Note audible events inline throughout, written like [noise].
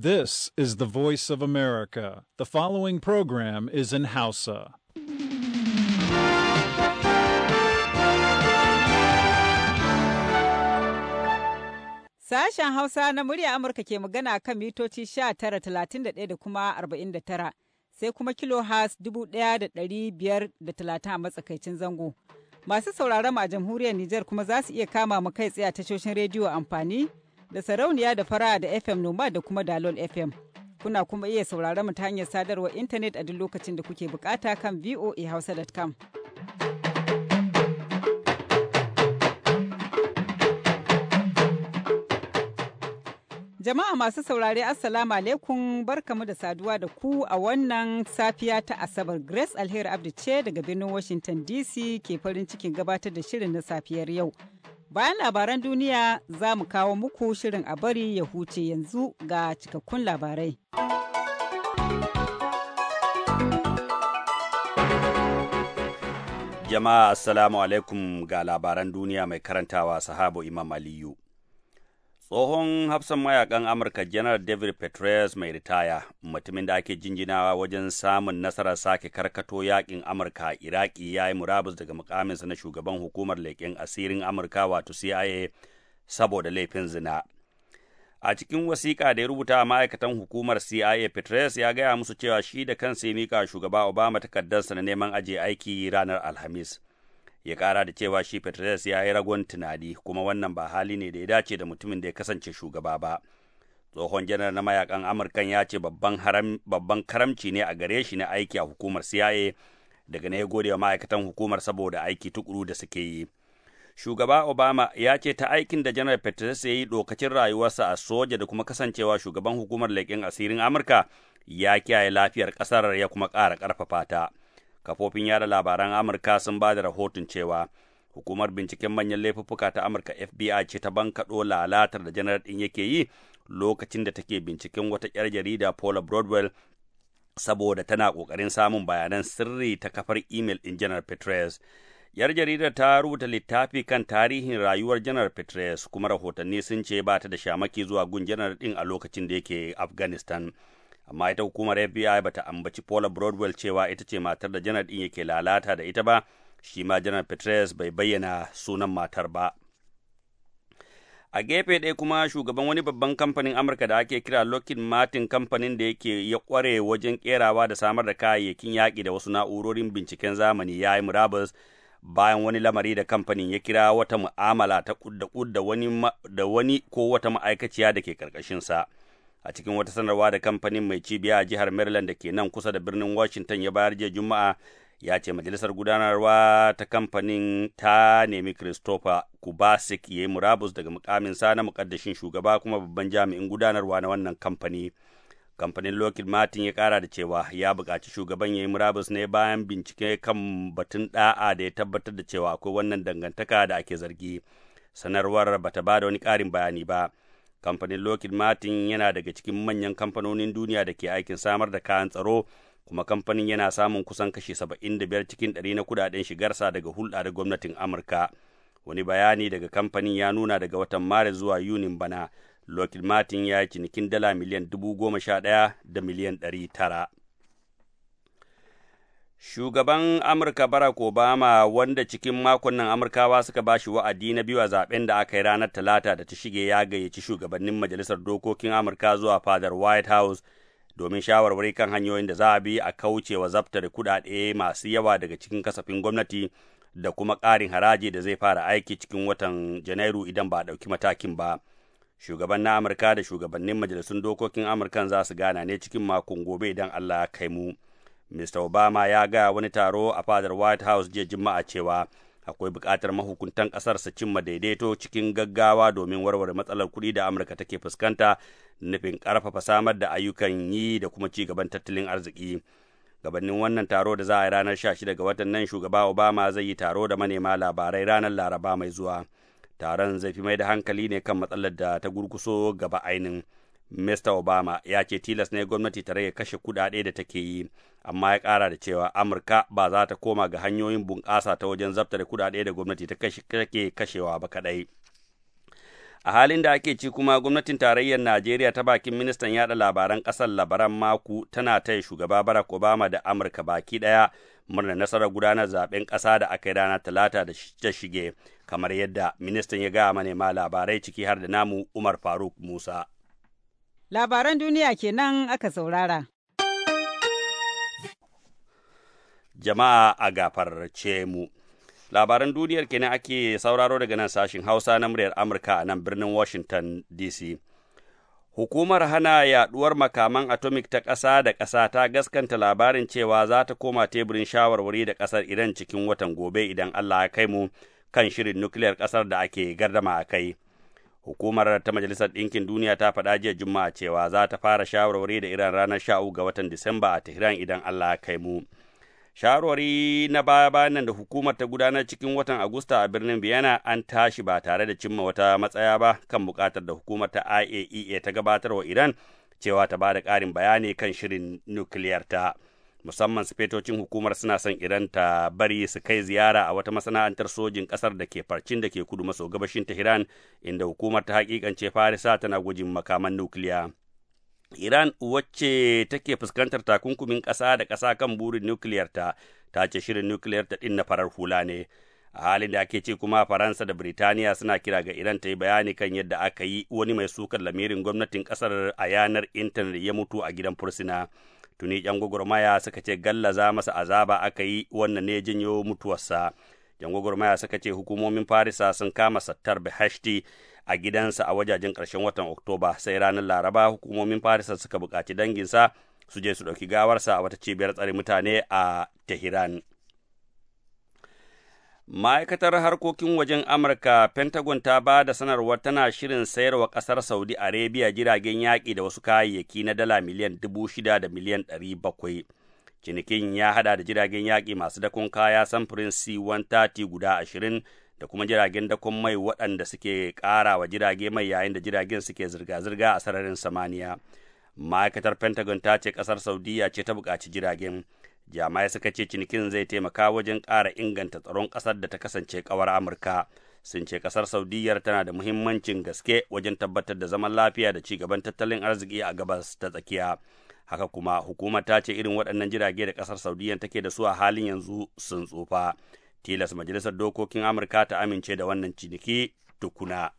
This is the voice of America. The following program is in Hausa. Sashen Hausa na murya Amurka ke magana kan mitoci 1931 da kuma 49 sai kuma kilo has 1530 a matsakaicin zango. Masu sauraron a jamhuriyar Nijar kuma za su iya kama mu kai tsaye a tashoshin rediyo amfani da sarauniya da fara'a da FM Noma da kuma Dalol FM. Kuna kuma iya sauraron mu ta hanyar sadarwar intanet a duk lokacin da kuke bukata kan voahausa.com. Jama'a masu saurare Assalamu alaikum barkamu da saduwa da ku a wannan safiya ta Asabar Grace Alheri Abdi ce daga birnin Washington DC ke farin cikin gabatar da shirin na safiyar yau. Bayan labaran duniya za mu kawo muku shirin a bari ya huce yanzu ga cikakkun labarai. Jama'a Assalamu alaikum ga labaran duniya mai karantawa sahabo Imam Aliyu. tsohon hafsan mayakan amurka janar david petraeus mai ritaya mutumin da ake jinjinawa wajen samun nasarar sake karkato yakin amurka iraki ya yi murabus daga mukaminsa na shugaban hukumar leƙen asirin amurka wato cia saboda laifin zina a cikin wasiƙa da ya rubuta ma'aikatan hukumar cia petraeus ya gaya musu cewa shi da kansa ya mika shugaba obama takardarsa na neman ajiye aiki ranar alhamis ya kara da cewa shi Petrus ya yi ragon tunani kuma wannan ba hali ne da ya dace da mutumin da ya kasance shugaba ba. Tsohon janar na mayakan Amurkan ya ce babban karamci ne a gare shi na aiki a hukumar CIA daga na ya gode wa ma'aikatan hukumar saboda aiki tukuru da suke yi. Shugaba Obama ya ce ta aikin da janar Petres ya yi lokacin rayuwarsa a soja da kuma kasancewa shugaban hukumar leƙen asirin Amurka ya kiyaye lafiyar ƙasar ya kuma ƙara ƙarfafa ta. kafofin yada labaran amurka sun ba da rahoton cewa hukumar binciken manyan laifuffuka ta amurka fbi ce ta bankaɗo lalatar da janar ɗin yake yi lokacin da take binciken wata 'yar jarida paula broadwell saboda tana ƙoƙarin samun bayanan sirri ta kafar imel ɗin janar petres yar jarida ta rubuta littafi kan tarihin rayuwar janar petres kuma rahotanni sun ce ba ta da shamaki zuwa gun janar ɗin a lokacin da yake afghanistan amma ita hukumar FBI bata ambaci Paula Broadwell cewa ita ce matar da janar ɗin yake lalata da ita ba, shi ma janar petres bai bayyana sunan matar ba. A gefe ɗaya kuma shugaban wani babban kamfanin Amurka da ake kira Lockheed Martin kamfanin da yake ya kware wajen kerawa da samar da kayayyakin yaki da wasu na'urorin binciken zamani ya yi murabus bayan wani lamari da kamfanin ya kira wata mu'amala ta kudda kudda da wani ko wata ma'aikaciya da ke ƙarƙashinsa. sa. a cikin wata sanarwa da kamfanin mai cibiya a jihar maryland da ke nan kusa da birnin washington ya bayar jiya juma'a ya ce majalisar gudanarwa ta kamfanin ta nemi christopher kubasik ya yi murabus daga mukaminsa na mukaddashin shugaba kuma babban jami'in gudanarwa na wannan kamfani kamfanin lockheed martin ya kara da cewa ya bukaci shugaban ya yi murabus ne bayan bincike kan batun da'a da ya tabbatar da cewa akwai wannan dangantaka da ake zargi sanarwar bata ba da wani karin bayani ba kamfanin lockheed martin yana daga cikin manyan kamfanonin duniya da ke aikin samar da kayan tsaro kuma kamfanin yana samun kusan kashi 75 cikin 100 na kudaden shigarsa daga hulɗa da gwamnatin amurka wani bayani daga kamfanin ya nuna daga watan maris zuwa yunin bana lockheed martin ya yi cinikin dala miliyan ɗaya da miliyan 900 Shugaban Amurka Barack Obama wanda cikin makon nan Amurkawa suka ba shi wa'adi na biyu a zaben da aka yi ranar Talata da ta shige ya gayyaci shugabannin Majalisar Dokokin Amurka zuwa fadar White House domin shawarwari kan hanyoyin da za a bi a kauce wa zaftar kuɗaɗe masu yawa daga cikin kasafin gwamnati da kuma karin haraji da zai fara aiki cikin watan Janairu idan ba a ɗauki matakin ba. Shugaban na Amurka da shugabannin majalisun dokokin Amurkan za su gana ne cikin makon gobe idan Allah ya kai mu. Mr. Obama ya gaya wani taro a fadar White House jiya Juma'a cewa akwai buƙatar mahukuntan ƙasar su cimma daidaito cikin gaggawa domin warware matsalar kuɗi da Amurka take fuskanta nufin ƙarfafa samar da ayyukan yi da kuma ci gaban tattalin arziki. Gabanin wannan taro da za a yi ranar 16 ga watan nan shugaba Obama zai yi taro da manema labarai ranar Laraba mai zuwa. Taron zai fi mai da hankali ne kan matsalar da ta gurguso gaba ainihin. Mr. Obama ya ce tilas ne gwamnati ta rage kashe kuɗaɗe da take yi, amma ya kara da cewa Amurka ba za ta koma ga hanyoyin bunƙasa ta wajen zabta da kuɗaɗe da gwamnati ta take kashewa ba kaɗai. A halin da ake ci kuma gwamnatin tarayyar Najeriya ta bakin ministan yada labaran kasar labaran Mako tana taya shugaba Barack Obama da Amurka baki ɗaya murnar nasarar gudanar zaben ƙasa da aka yi rana talata da ta shige, kamar yadda ministan ya gaya manema labarai ciki har da namu Umar Faruk Musa. Labaran duniya kenan aka saurara. Jama'a a gafarce mu. Labaran duniyar kenan ake sauraro daga nan sashin Hausa na muryar Amurka a nan birnin Washington DC. Hukumar hana yaduwar makaman atomic ta ƙasa da ƙasa ta gaskanta labarin cewa za ta koma teburin shawarwari da ƙasar Iran cikin watan gobe idan Allah ya kai mu kan shirin nukiliyar ƙasar da ake gardama a kai. Hukumar ta Majalisar Ɗinkin Duniya ta faɗa jiya Juma'a cewa za ta fara shawarwari da Iran ranar sha ga watan Disamba a Tehran idan Allah ya kai mu. shawarwari na baya-bayan nan da hukumar ta gudanar cikin watan Agusta a birnin Vienna an tashi ba tare da cimma wata matsaya ba kan bukatar da hukumar ta IAEA e ta gabatar wa Iran cewa ta ba da ƙarin bayani kan shirin nukiliyarta. ta. musamman sifetocin hukumar suna son iran ta bari su kai ziyara a wata masana'antar sojin kasar da ke farcin da ke kudu maso gabashin tehran inda hukumar ta hakikance farisa tana gujin makaman nukiliya iran wacce take fuskantar takunkumin kasa da kasa kan burin nukiliyarta ta ce shirin nukiliyarta ta ɗin na farar hula ne a halin da ake ce kuma faransa da biritaniya suna kira ga iran ta yi bayani kan yadda aka yi wani mai sukar lamirin gwamnatin ƙasar a yanar intanet ya mutu a gidan fursuna tuni yan gwagwarmaya suka ce gallaza masa azaba aka yi wannan ne jinyo mutuwarsa yan gwagwarmaya suka ce hukumomin farisa sun kama sattar bihashti a gidansa a wajajen ƙarshen watan oktoba sai ranar laraba hukumomin farisa suka buƙaci danginsa su je su ɗauki gawarsa a wata cibiyar tsare mutane a tehran Ma'aikatar harkokin wajen Amurka, Pentagon ta ba da sanarwar tana shirin sayarwa ƙasar Saudi Arabia jiragen yaƙi da wasu kayayyaki na dala miliyan dubu shida da miliyan ɗari bakwai. Cinikin ya haɗa da jiragen yaƙi masu dakon kaya samfurin C-130 guda ashirin da kuma jiragen dakon mai waɗanda suke ƙara wa jirage mai yayin da jiragen suke zirga-zirga a sararin samaniya. Ma'aikatar Pentagon ta ce ƙasar Saudiya ce ta buƙaci jiragen. jama'ai suka ce cinikin zai taimaka wajen ƙara inganta tsaron ƙasar da ta kasance ƙawar amurka sun ce ƙasar saudiyyar tana da muhimmancin gaske wajen tabbatar da zaman lafiya da ci gaban tattalin arziki a gabas ta tsakiya haka kuma hukuma ta ce irin waɗannan jirage da ƙasar saudiyyar take da su a halin yanzu sun tsufa tilas majalisar dokokin amurka ta amince da wannan ciniki tukuna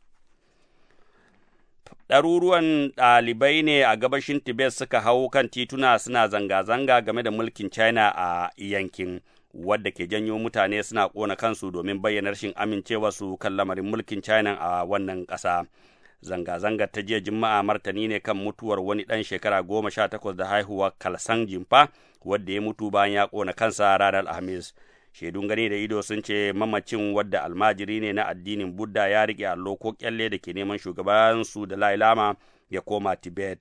ɗaruruwan ɗalibai ne a gabashin Tibet suka hau kan tituna suna zanga-zanga game da mulkin China a yankin, wadda ke janyo mutane suna ƙona kansu domin bayyana rashin amincewarsu kan lamarin mulkin China a wannan ƙasa. Zanga-zangar ta jiya Juma'a martani ne kan mutuwar wani ɗan shekara goma sha takwas da haihuwa Kalsan Jimfa, wadda ya mutu bayan ya ƙona kansa ranar Alhamis. shaidun gani da ido sun ce mamacin wadda almajiri ne na addinin buddha ya rike allo ko kyalle da ke neman shugabansu da lailama ya koma tibet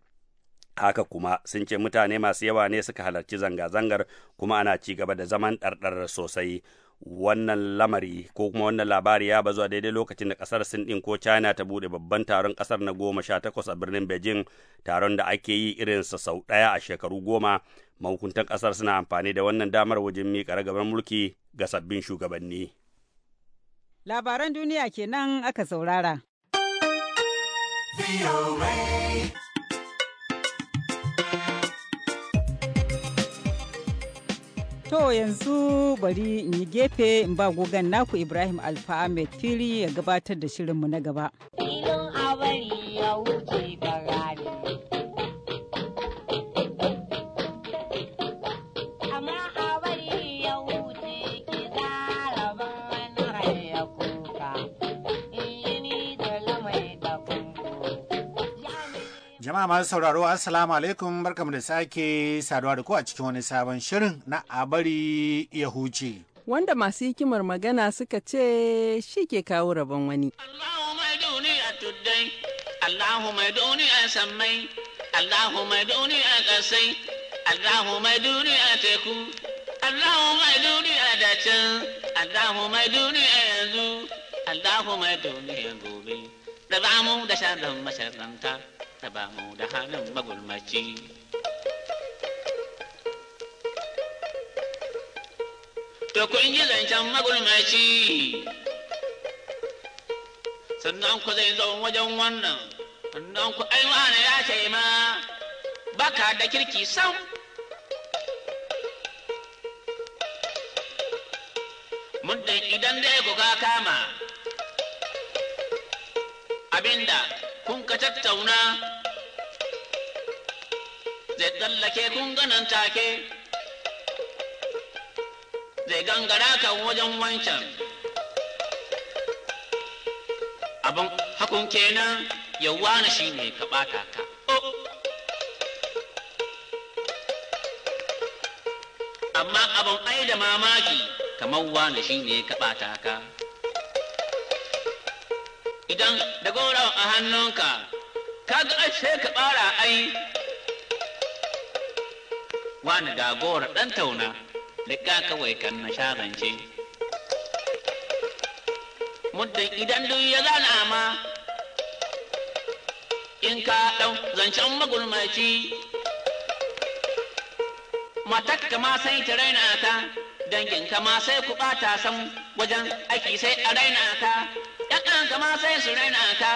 haka kuma sun ce mutane masu yawa ne suka halarci zanga-zangar kuma ana ci gaba da zaman ɗarɗar sosai wannan lamari ko kuma wannan labari ya bazu a daidai lokacin da kasar sin din ko china ta bude babban taron kasar na goma sha takwas a birnin beijing taron da ake yi irinsa sau ɗaya a shekaru goma mahukuntan ƙasar suna amfani da wannan damar wajen miƙa ragabar mulki ga sabbin shugabanni. Labaran duniya kenan aka saurara. To yanzu bari in yi gefe in ba gogan naku Ibrahim Alfa Ahmed fili ya gabatar da shirinmu na gaba. Jama'a masu sauraro Assalamu alaikum barkamu da sake saduwa da ku a cikin wani sabon shirin na abari, ya huce. Wanda masu hikimar magana suka ce shi ke kawo rabon wani. Allahu mai duni a tuddai, Allahu mai duniya a sammai, Allahu mai duni ƙasai, Allahu mai duni teku, Allahu mai duni a dacen, Allahu mai duni yanzu, Allahu mai duni a gobe, da zamu da sharrin masharranta. taba mu da halin magulmaci to ku yi zancen magulmaci sannan ku zai zo wajen wannan sannan ku ai ya ce ma baka da kirki sam muddin idan dai ku ka kama abinda kun ka tattauna zai tsallake kunganan take zai gangara kan wajen wancan abin hakun kenan yawa na shi ne ka ɓata ka oh. amma abin ai da mamaki kamar wani shi ne ka ɓata ka idan da goron a hannunka kaga ashe ka ɓara ai wani gagora ɗan tauna ka kawai kan na shazance muddin idan duk ya zana ma in ka ɗau zancen magulmaci matak kama sai ta raina ta dangin kama sai ku ɓata san wajen aiki sai a raina ka ‘ya'yanka kama sai su raina ta,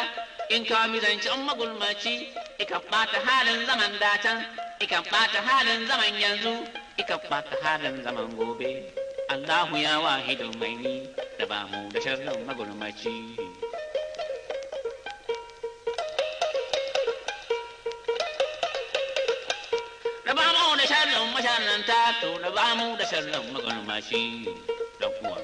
in ka zancen magulmaci ika ɓata halin zaman datan ikan ɓata halin zaman yanzu ikan ɓata halin zaman gobe Allahu ya wahidu mai ni da ba mu da sharrin magulmaci da ba mu da sharrin masharanta to da ba mu da sharrin magulmaci da kuwa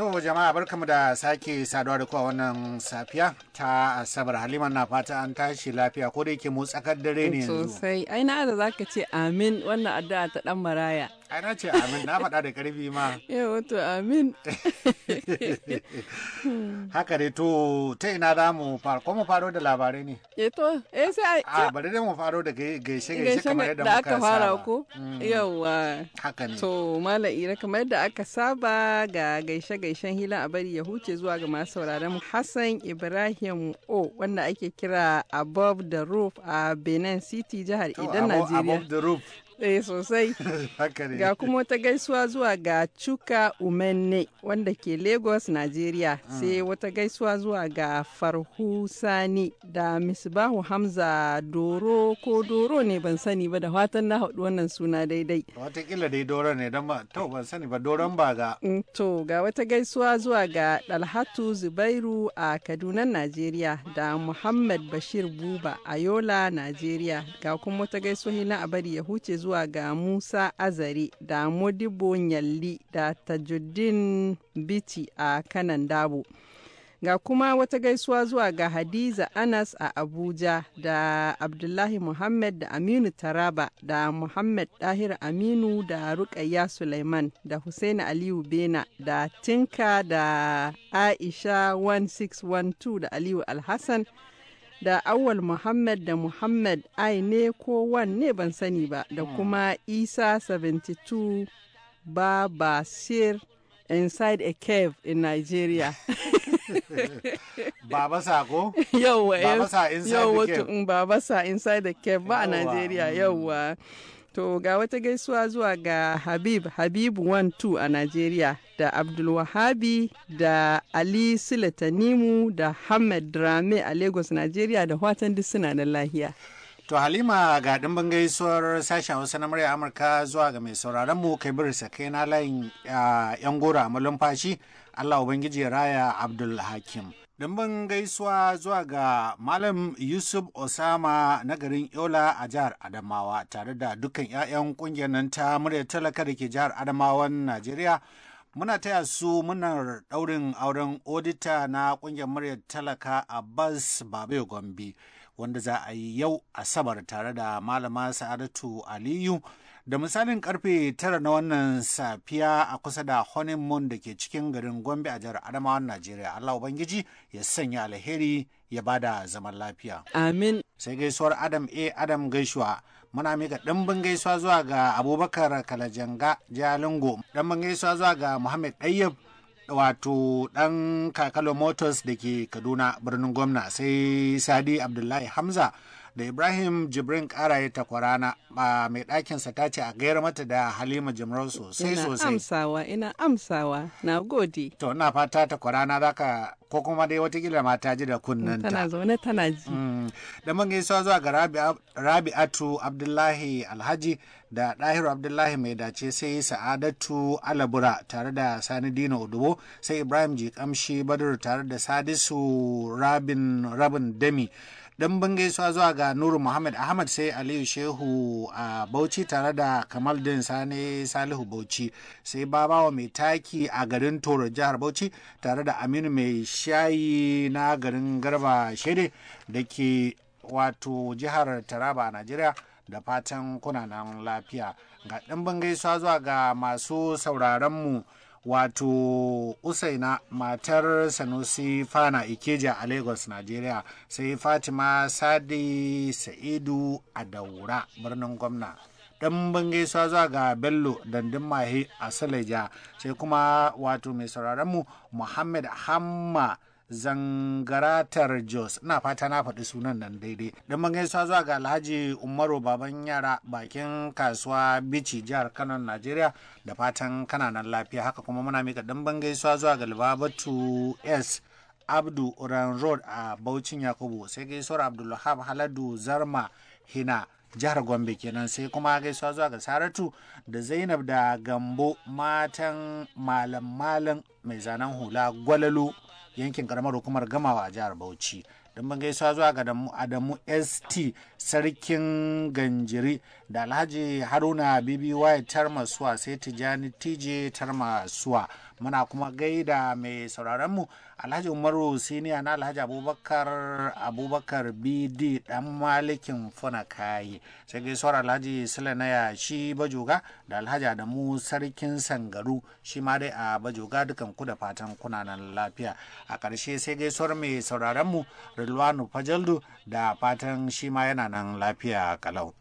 To jama'a barkamu da sake saduwa da kowa wannan safiya ta asabar halima na fata an tashi lafiya ko da yake mu tsakar dare ne yanzu sosai ai na da zaka ce amin wannan addu'a ta dan maraya ai na ce amin na faɗa da karfi ma eh [laughs] to amin [laughs] haka dai to ta ina za mu faro ko mu faro da labarai ne eh to eh sai a ah, bari dai mu faro da gaishe gaishe kamar yadda muka fara ko mm. yawa haka ne to mala ira kamar yadda aka saba ga gaishe gaishen hila a bari ya huce zuwa ga masu sauraron Hassan Ibrahim imo wanda ake kira above the roof a benin city jihar idan najeriya above the roof ɗaya sosai. [laughs] Ga kuma wata gaisuwa zuwa ga Chuka Umenne wanda ke Lagos, nigeria mm. Sai wata gaisuwa zuwa ga Farhu Sani da Misbahu Hamza Doro ko Doro ne ban sani ba da fatan na haɗu wannan suna daidai. Watakila dai Doro ne don ba to ban sani ba Doron ba ga. Mm, to ga wata gaisuwa zuwa ga Dalhatu Zubairu a Kaduna, nigeria da Muhammad Bashir Buba a Yola, nigeria Ga kuma wata gaisuwa na abari ya huce zuwa zuwa ga Musa Azare da Modibo Nyalli da Tajuddin Biti a kanan dabo. Ga kuma wata gaisuwa zuwa ga Hadiza Anas a Abuja da Abdullahi Muhammad da Aminu Taraba da Muhammad Dahir Aminu da Rukayya Suleiman da Husaini Aliyu Bena da Tinka da Aisha 1612 da Aliyu Alhassan. da awal muhammad da muhammad ai ne ko wanne ban sani ba da kuma isa 72 ba ba sir inside a cave in nigeria [laughs] baba sako yauwa yauwa sa inside the cave ba a nigeria yauwa To ga wata gaisuwa zuwa ga Habib habib 1-2 a Najeriya da Abdulwahabi da Ali silatanimu da Hamad Drame a Lagos Najeriya da watan suna da lahiya. To Halima ga ɗimbin gaisuwar sashen Hausa na murya Amurka zuwa ga mai sauraron mu kai sa kai na layin ah, yan gora a malumfashi Allah Ubangiji Raya Abdul Hakim. Dimbin gaisuwa zuwa ga Malam Yusuf Osama na garin Yola a jihar Adamawa tare da dukkan 'ya'yan kungiyar nan ta murya talaka da ke jihar Adamawan Najeriya. Muna taya su muna daurin auren odita na kungiyar muryar talaka Abbas Babe Gombe wanda za a yi yau Asabar tare da Malama Sa'adatu Aliyu. Da misalin karfe tara na wannan safiya a kusa da honeymoon da ke cikin garin Gombe a jihar Adamawan Najeriya. Allah Ubangiji ya sanya alheri ya bada zaman lafiya. Amin. Sai gaisuwar Adam A. Adam gaisuwa. Muna mika ɗimbin gaisuwa zuwa ga Abubakar Kalajanga Jalingo. Ɗimbin gaisuwa zuwa ga Muhammad Ɗayyab wato ɗan kakalo motors da ke kaduna birnin gwamna sai sadi abdullahi hamza da ibrahim jibrin kara ya takwarana a mai ɗakinsa ta ce a gayar mata da halima jimrau sosai sosai ina amsawa ina amsawa na gode to ina fata takwarana za ka ko kuma dai watakila ma ta ji da kunnen tana zaune tana ji mm. da mun gaisuwa zuwa ga rabi'atu abdullahi alhaji da ɗahiru abdullahi mai dace sai sa'adatu alabura tare da sani dina odubo sai ibrahim ji kamshi badru tare da sadisu rabin rabin dami ɗan gaisuwa zuwa ga nuru muhammad ahmad sai aliyu shehu a bauchi tare da kamal din sani salihu bauchi sai babawa mai taki a garin toro jihar bauchi tare da aminu mai shayi na garin garba shede da ke wato jihar taraba a najeriya da fatan kuna nan lafiya ga ɗan gaisuwa zuwa ga masu sauraronmu mu wato usaina matar sanusi fana ikeja a lagos nigeria sai fatima sadi sa'idu a daura birnin gwamna dan gaisuwa zuwa ga bello dandin mahi a saleja sai kuma wato mai sauraronmu muhammad hamma zangaratar jos na fata na faɗi sunan nan daidai ɗan gaisuwa zuwa ga alhaji umaru baban yara bakin kasuwa bici jihar kano najeriya da fatan kana nan lafiya haka kuma muna mika ɗan gaisuwa zuwa ga libabatu s abdu uran road a baucin yakubu sai gaisuwar abdulhab haladu zarma hina jihar gombe kenan sai kuma gaisuwa zuwa ga saratu da zainab da gambo matan malam malam mai zanen hula gwalalu. yankin karamar hukumar gamawa a jihar Bauchi. Don bangaisuwa zuwa ga Adamu ST sarkin ganjiri da alhaji haruna bibi waye tarmasuwa sai tijani tj tarmasuwa muna kuma gaida mai sauraronmu alhaji umaru siniya na alhaji abubakar abubakar bd dan malikin funakayi sai gaisuwar alhaji sila na yashi bajoga da alhaji adamu sarkin sangaru shi ma dai a bajoga dukan ku da fatan kuna nan lafiya a ƙarshe sai gaisuwar mai sauraronmu rilwanu fajaldu da fatan shi ma yana nan lafiya kalau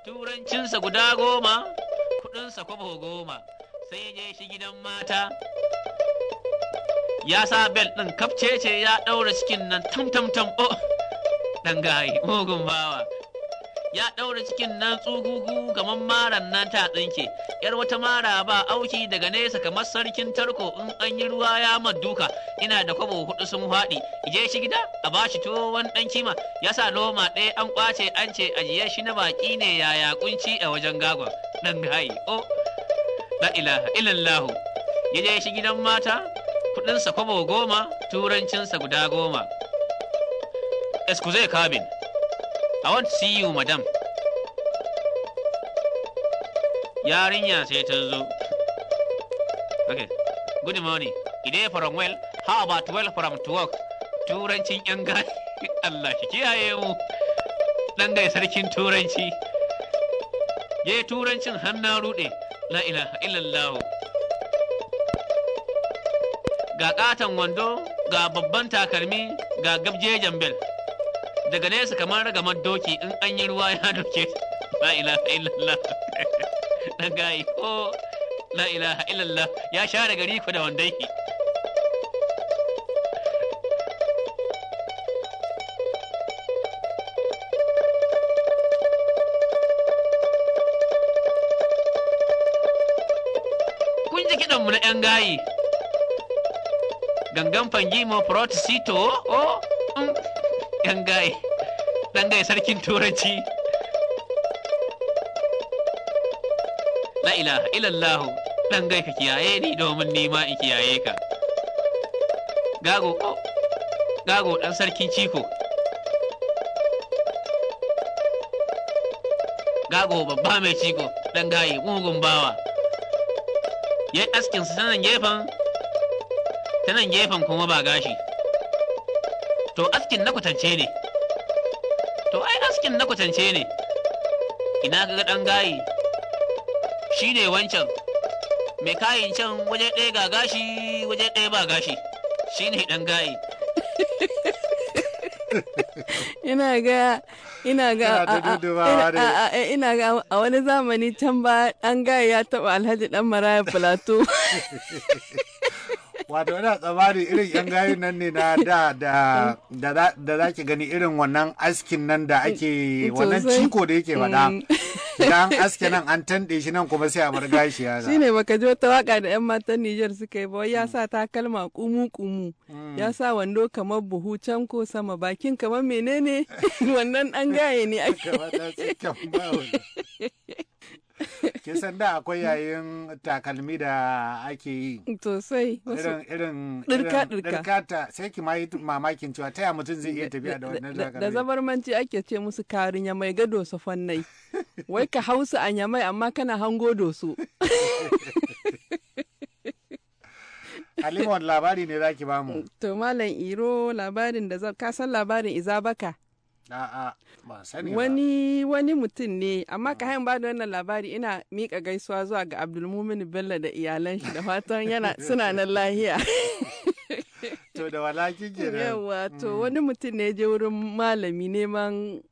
turancinsa guda goma kudinsa kwabo goma sai je shi gidan mata ya sa bel ɗin kafcece ya ɗaura cikin nan tam tam tam o oh, ɗan gayi mugun bawa ya ɗaura cikin nan tsugugu kamar maran nan ta tsinke yar wata mara ba auki daga nesa kamar sarkin tarko in an yi ruwa ya maduka ina da kwabo hudu sun faɗi je shi gida a bashi tuwo wani ɗan kima ya sa loma ɗaya an kwace an ce ajiye shi na baki ne yaya kunci a wajen gagon ɗan hayi o la ilaha illallah ya je shi gidan mata kuɗinsa kwabo goma turancinsa guda goma excuse cabin I want to see you, madam. Yarinya sai ta zo. Okay, good morning. Ide from well, how about well from to work? Turancin ‘yan gani, [laughs] Allah shi kiyaye mu, ɗan gai sarkin Turanci. Je Turancin hannun ruɗe, la ilaha illallah. Ga ƙaton wando, ga babban takalmi, ga gabje jambel. daga nesa kamar ragamar doki in an yi ruwa ya doke la ilaha illallah [laughs] na gayi ko la ilaha illallah ya share gari ku da wandai kun ji kiɗan mu na 'yan gayi gangan fangimo protesito oh, um. 'yan gaye sarkin turanci la ilaha illallahu ɗan ka kiyaye ni domin ni ma in kiyaye ka gago gago ɗan sarkin ciko gago babba mai ciko ɗan gaye mugun bawa ya askinsa sanan gefen ta gefen kuma ba gashi to askin na kwatance ne to ai askin na kwatance ne ina ga ɗan gayi shi ne wancan mai kayin can waje ɗaya ga gashi waje ɗaya ba gashi shi ne ɗan gayi ina ga ina ga ina ga a wani zamani can ba ɗan gayi ya taɓa alhaji ɗan maraya plateau [laughs] wato yana tsamanin irin yan gayun nan ne na da da da za ki gani irin wannan askin nan da ake wannan ciko da yake da mm. idan aske nan an tanɗe shi nan kuma sai a bar gashi ya shine baka ji wata waka da yan matan Nijar suka yi ba ya mm. sa takalma kumu kumu mm. ya sa wando kamar buhu can ko sama bakin kamar menene [laughs] wannan dan gaye ne ake [laughs] [laughs] kin san da akwai yayin takalmi da ake yi sai irin irin dirka dirka ta sai ki ma yi mamakin cewa taya mutum zai iya tafiya da wannan takalmi da zabarmanci ake ce musu karin ya mai gado su fannai wai ka hausa a nyamai amma kana hango doso [laughs] Halima wani labari ne za ki bamu? To Malam Iro labarin da ka san labarin Izabaka. A'a, ba sani Wani wani mutum ne, amma ka hayan bada wannan labari ina mika gaisuwa zuwa ga Abdulmumin Bello da iyalan shi da fatan yana suna nan lahiya. [laughs] to da wala kike Yawa, to hmm. wani mutum ne je wurin malami neman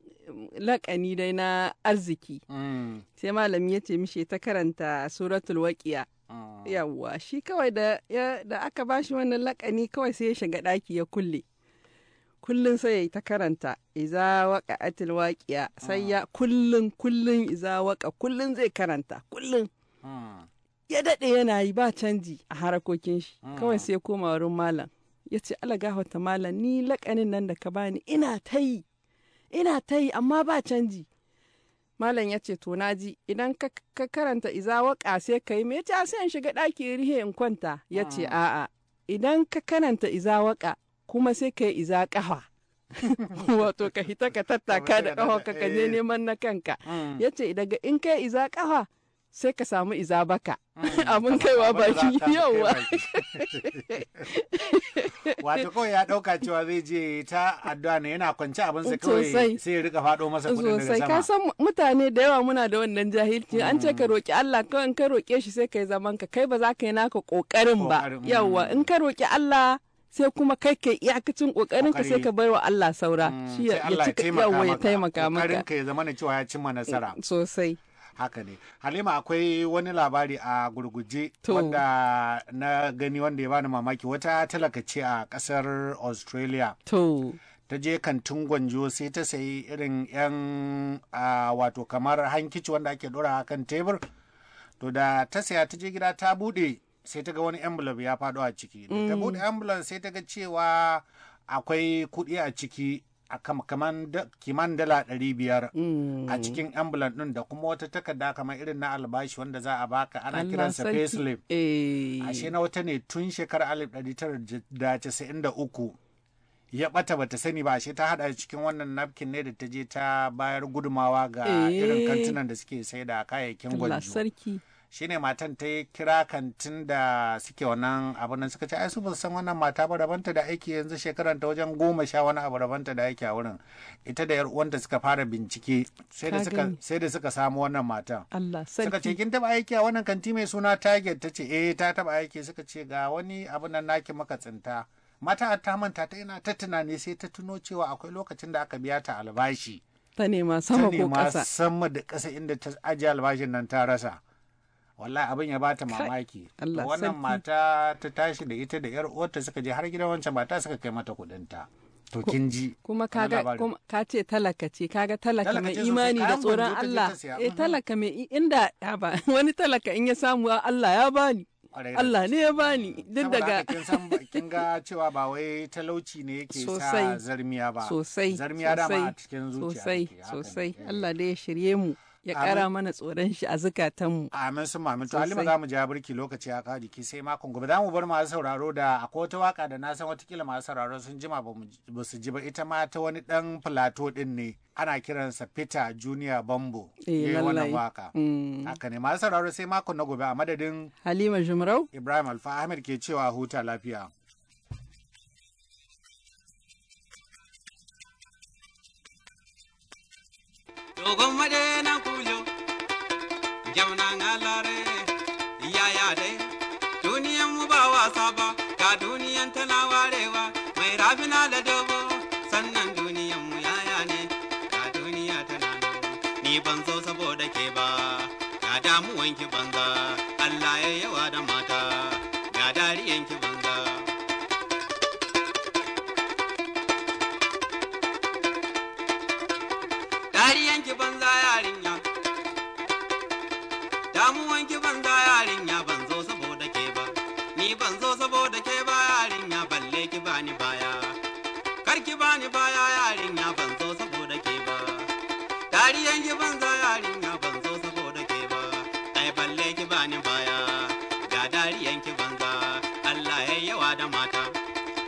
lakani dai na arziki. Hmm. Sai malami ya ce mishi ta karanta suratul waqiya. Hmm. Yawa, shi kawai da aka bashi wannan lakani kawai sai ya shiga ɗaki ya kulle. kullum sai ya yi ta karanta iza waka atil waƙiya sai ya kullum kullum iza waka kullum zai karanta kullum hmm. ya daɗe yana yi ba canji a harakokin shi hmm. kawai sai ya koma wurin malam ya ce alagahota malam ni laƙanin nan da ka bani ina ta yi ina ta yi amma ba canji malam ya ce to ji idan ka, karanta iza waka sai ka yi me ya ce ah, in shiga ɗakin rihe in kwanta ya ce hmm. a'a idan ka karanta iza waka kuma sai ka yi iza ƙafa [laughs] wato ka hita ka tattaka da ƙafa ka ka je eh. neman na kanka mm. ya ce daga in ka yi iza ƙafa sai ka samu iza baka mm. [laughs] abin kaiwa baki yauwa [laughs] wato kawai ya ɗauka cewa zai je ta addu'a ne yana kwance abin sa kawai sai ya rika fado masa kudin daga sama ka san mutane da yawa muna da wannan jahilci an ce ka mm. roƙi Allah kawai in ka roƙe shi sai ka yi zaman ka kai ba za ka yi naka ƙoƙarin ba yauwa in ka roƙi Allah sai kuma kai ka iyakacin kokarin ka sai ka bai wa Allah saura mm. shi ya cika yawa ya taimaka maka kokarin ka ya zama cewa ya cimma nasara eh, sosai haka ne halima akwai wani labari a gurguje wanda na gani wanda ya bani mamaki wata talaka ce a kasar australia to ta je kantin gwanjo sai ta sayi irin yan wato kamar hankici wanda ake dora kan tebur to da ta saya ta je gida ta bude sai ta ga wani envelope ya fado a ciki da ta mm. buɗe envelope sai ta ga cewa akwai kuɗi a ciki a kiman dala ɗari biyar a mm. cikin ambulan ɗin da kuma wata takarda kamar irin na albashi wanda za a baka ana kiransa payslip eh. ashe na wata ne tun shekarar alif ɗari tara da casa'in da uku ya bata bata sani ba ashe ta hada cikin wannan napkin ne da ta je ta bayar gudumawa ga eh. irin kantunan da suke sai da kayayyakin gwanjo shine matan ta yi kira kantin da suke wannan abin nan suka ce ai su ba san wannan mata ba rabanta da aiki yanzu shekaran ta wajen goma sha wani abu rabanta da aiki a wurin ita da yar uwanta suka fara bincike sai da suka sai da suka samu wannan matan Allah suka ce kin taba aiki a wannan kanti mai suna target ta ce eh ta taba aiki suka ce ga wani abin nan naki maka tsinta mata ta manta ta ina ta tunani sai ta tuno cewa akwai lokacin da aka biya ta albashi ta nema sama ko kasa ta nema sama da ƙasa inda ta ajiye albashin nan ta rasa wallahi abin ya bata mamaki wannan mata ta tashi da ita da yar uwarta suka je har gidan wancan mata suka kai mata kudinta to kin ji kuma kaga ka ce talaka ce kaga talaka mai imani da tsoron Allah eh mm-hmm. talaka mai inda ya ba [laughs] wani talaka in ya samu Allah ya bani Allah ne ya bani mm-hmm. duk daga kin ga [laughs] cewa ba wai talauci ne yake sa zarmiya ba sosai zarmiya ma a cikin zuciya sosai sosai eh. Allah da ya shirye mu ya kara mana tsoron shi a zukatanmu. Amin sun mamin to Halima za mu ja birki lokaci a kawo jiki sai makon gobe za mu bar masu sauraro da akwai wata waka da na san watakila masu sauraro sun jima ba su ji ba ita ma ta wani dan filato din ne ana kiransa Peter Junior Bambo. Eh wannan waka. Mm. Haka ne masu sauraro sai makon na gobe a madadin Halima Jumrau Ibrahim Alfa Ahmed ke cewa huta lafiya. Dogon madai banki banda da mata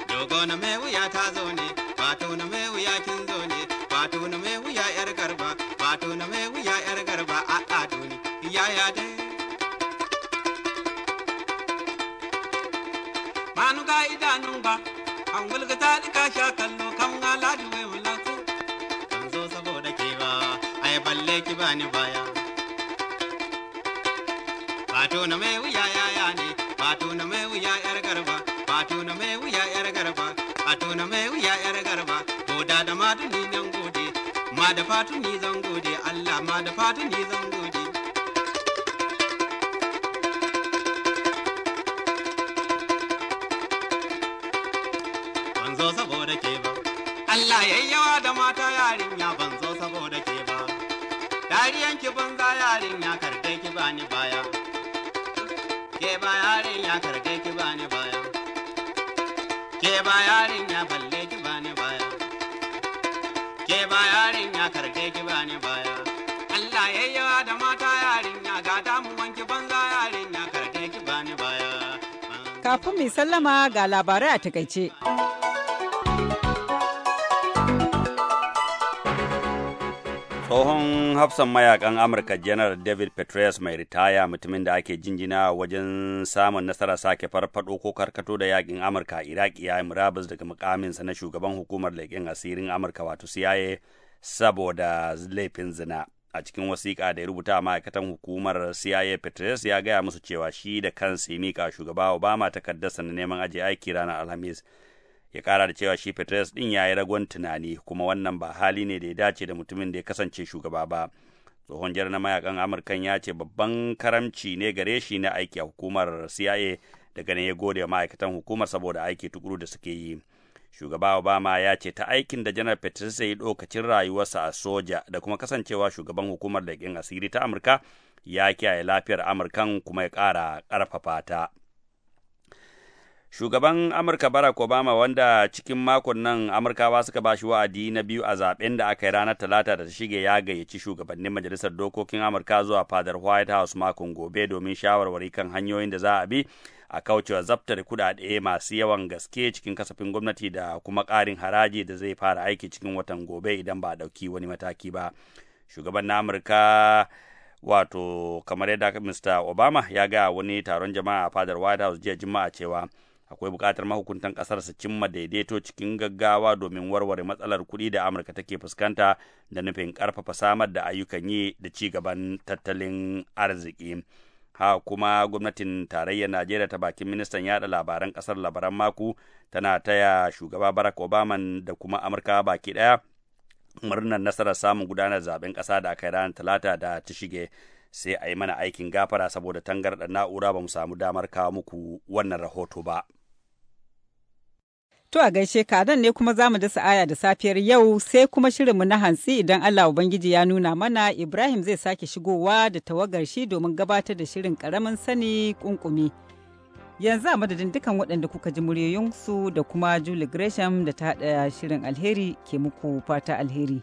dogo na mai wuya ta zo ne fato na mai wuya kin zo ne fato na mai wuya yar garba fato na mai wuya yar garba a a to ne yaya dai manu ga idanun ba an ta ka sha kallo kan aladu mai mulatu kan zo saboda ke ba ai balle ki ni baya fato na mai wuya yaya ne fato na mai wuya da fatan ni zan gode Allah ma da fatan ni zan gode ban zo saboda ke ba Allah yayyawa da mata yarinya ban zo saboda ke ba dariyan ki banza yarinya karkai ki bani baya ke ba yarinya karkai ki bani baya ke ba yarinya kafin mai sallama ga labarai a takaice. tsohon hafsan mayakan amurka janar david petraeus mai ritaya mutumin da ake jinjina wajen samun nasara sake farfado ko karkato da yakin amurka a Iraq ya yi murabus daga mukaminsa na shugaban hukumar leƙen asirin amurka wato cia saboda laifin zina a cikin wasiƙa da ya rubuta ma'aikatan hukumar CIA Petrus ya gaya musu cewa shi da kansa ya miƙa shugaba Obama takardarsa na neman ajiye aiki ranar Alhamis. Ya ƙara da cewa shi Petrus ɗin ya yi ragon tunani kuma wannan ba hali ne da ya dace da mutumin da ya kasance shugaba ba. Tsohon jar na mayakan Amurkan ya ce babban karamci ne gare shi na aiki a hukumar CIA daga ne ya gode ma'aikatan hukumar saboda aiki tukuru da suke yi. shugaba obama ya ce ta aikin da janar petrus ya yi dokacin rayuwarsa a soja da kuma kasancewa shugaban hukumar leƙen asiri ta amurka ya kiyaye lafiyar amurkan kuma ya ƙara ƙarfafa ta shugaban amurka barack obama wanda cikin makon nan amurkawa suka ba shi wa'adi na biyu a zaben da aka yi ranar talata da ta shige ya gayyaci shugabannin majalisar dokokin amurka zuwa fadar white house makon gobe domin shawarwari kan hanyoyin da za a bi a kaucewa zabtar kuɗaɗe masu yawan gaske cikin kasafin gwamnati da kuma ƙarin haraji da zai fara aiki cikin watan gobe idan ba a ɗauki wani mataki ba shugaban na amurka wato kamar yadda mr obama ya ga wani taron jama'a a fadar white house jiya juma'a cewa akwai buƙatar mahukuntan ƙasar su cimma daidaito cikin gaggawa domin warware matsalar kuɗi da amurka take fuskanta da nufin ƙarfafa samar da ayyukan yi da ci gaban tattalin arziki. ha kuma gwamnatin tarayyar najeriya ta bakin ministan yada labaran kasar labaran mako tana taya shugaba barack obama da kuma amurka baki daya murnar nasarar samun gudanar zaben kasa da aka yi ranar talata da ta shige sai a yi mana aikin gafara saboda tangarɗar na'ura ba mu samu damar kawo muku wannan rahoto ba. To a gaishe ka nan ne kuma za mu dasa aya da safiyar yau sai kuma shirin mu na hantsi idan Allah Ubangiji ya nuna mana Ibrahim zai sake shigowa da tawagar shi domin gabatar da shirin karamin sani kunkumi. Yanzu a madadin dukan waɗanda kuka ji muryoyinsu da kuma Julie Gresham da ta haɗa shirin alheri ke muku fata alheri.